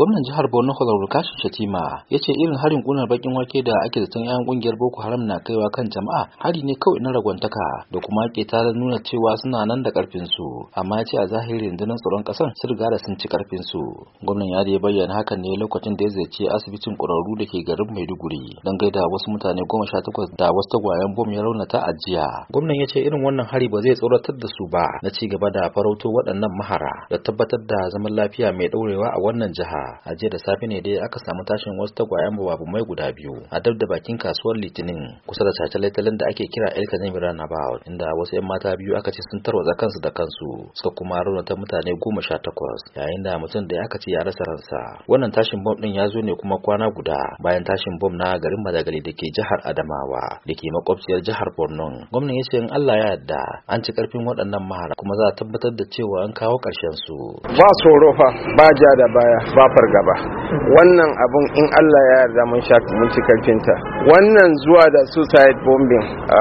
gwamnan jihar borno honorable kashin shatima ya ce irin harin kunar bakin wake da ake zaton yan kungiyar boko haram na kaiwa kan jama'a hari ne kawai na ragwantaka da kuma ke tare nuna cewa suna nan da karfin su amma ya ce a zahiri rundunar tsaron kasan sun riga da sun ci karfin su gwamnan ya da bayyana hakan ne lokacin da ya ziyarci asibitin kwararru da ke garin maiduguri don gaida wasu mutane goma sha takwas da wasu tagwayen bom ya raunata a jiya gwamnan ya ce irin wannan hari ba zai tsoratar da su ba na ci gaba da farauto waɗannan mahara da tabbatar da zaman lafiya mai ɗaurewa a wannan jiha a jiya da safe ne dai aka samu tashin wasu tagwayen babu mai guda biyu a dab da bakin kasuwar litinin kusa da cacalatalin da ake kira el kazin ba inda wasu yan mata biyu aka ce sun tarwatsa kansu da kansu suka kuma ta mutane goma sha takwas yayin da mutum da aka ce ya rasa ransa wannan tashin bom din ya zo ne kuma kwana guda bayan tashin bom na garin madagali da ke jihar adamawa da ke makwabciyar jihar borno gwamnan ya ce in allah ya yarda an ci karfin waɗannan mahara kuma za a tabbatar da cewa an kawo ƙarshen su ba tsoro fa ba ja da baya ba gaba wannan abun in allah ya yarda mun sha mun ci karfinta wannan zuwa da suicide bombing a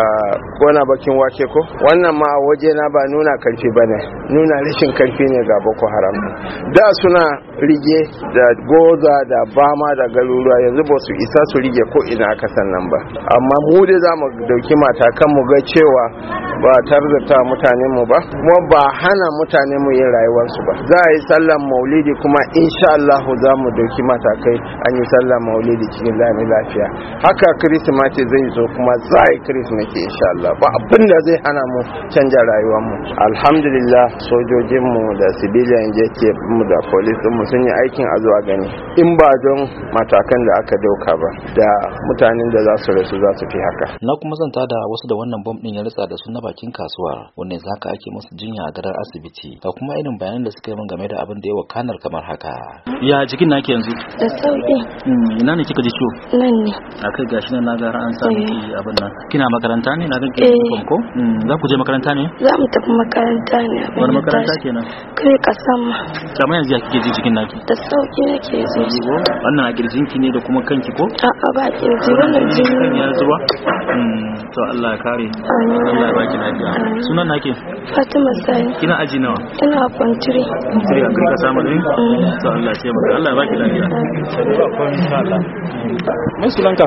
gona bakin wake ko wannan ma a waje na ba nuna karfi bane nuna rashin karfi ne ga boko haram da suna rige da goza da bama da garuruwa yanzu ba su isa su rige ko ina aka sannan ba amma mu zamu za mu dauki matakan mu ga cewa ba tarzata mutanen mu ba kuma ba hana mutanen mu yin rayuwarsu ba za a yi sallan maulidi kuma insha Allah za mu dauki matakai an yi sallan maulidi cikin lami lafiya haka kirismati zai zo kuma za a yi kirismati insha Allah ba abin da zai hana mu canja rayuwar mu alhamdulillah sojojin mu da civilian ke mu da police mu sun yi aikin a zuwa gani in ba don matakan da aka dauka ba da mutanen da za su rasu za su fi haka na kuma zanta da wasu da wannan bom din ya ritsa da su bakin kasuwar wanda yanzu haka ake musu jinya a gadar asibiti ga kuma irin bayanan da suka yi min game da abin da ya wakanar kamar haka ya jikin na ke yanzu da sauki hmm, ina ne kika ji ciwo nan ne kai gashi nan na ga an samu eh. abin nan kina makaranta ne na ga ke eh. ko hmm, za ku je makaranta ne za mu tafi makaranta ne wani makaranta kenan kai ka sama kamar yanzu ya kike ji jikin naki da sauki nake ji wannan a kirjinki ne da kuma kanki ko a'a ba kirji wannan jini ya zuba hmm, to Allah ya kare Allah ya baki sunan nake fatima sai kina aji nawa ina kwantiri kwantiri a kirka samun ne mm. to Allah ya ce maka Allah ya baki lafiya mun sunanka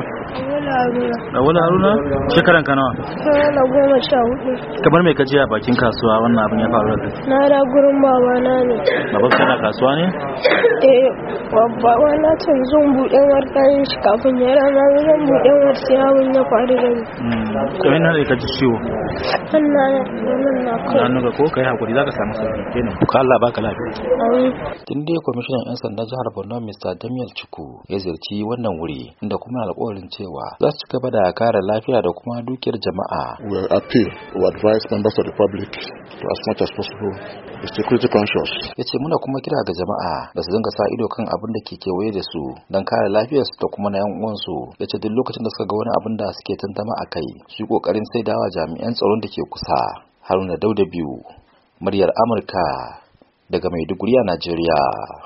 wani Haruna? Shekaran kanawa. Shekaran Shekara goma sha hudu. Kamar mai kaji a bakin kasuwa wannan abin ya faru da Na da gurin babana ne. Baban kana kasuwa ne? Eh, babba na can zan buɗe warkarin shi kafin ya rana zan buɗe warsa yawon ya faru da ni. Hmm, Kamar na da kaji ciwo? Allah ya nan na kai. Na nuka ko kai hakuri zaka samu sauki kenan. Ka Allah baka lafiya. Tun dai kwamishinan 'yan sanda jihar Borno Mr. Damiel Chiku ya ziyarci wannan wuri inda kuma alƙawarin cewa za su gaba da kare lafiya da kuma dukiyar jama'a. We appeal to advise members of the public to as much as possible be security conscious. Ya ce muna kuma kira ga jama'a da su dinga sa ido kan abin da ke kewaye da su don kare lafiyarsu da kuma na yan uwansu. Ya ce duk lokacin da suka ga wani abin da suke tantama a kai su yi kokarin sai dawa jami'an tsaron da ke kusa. Haruna Dauda biyu, muryar Amurka daga Maiduguri a Najeriya.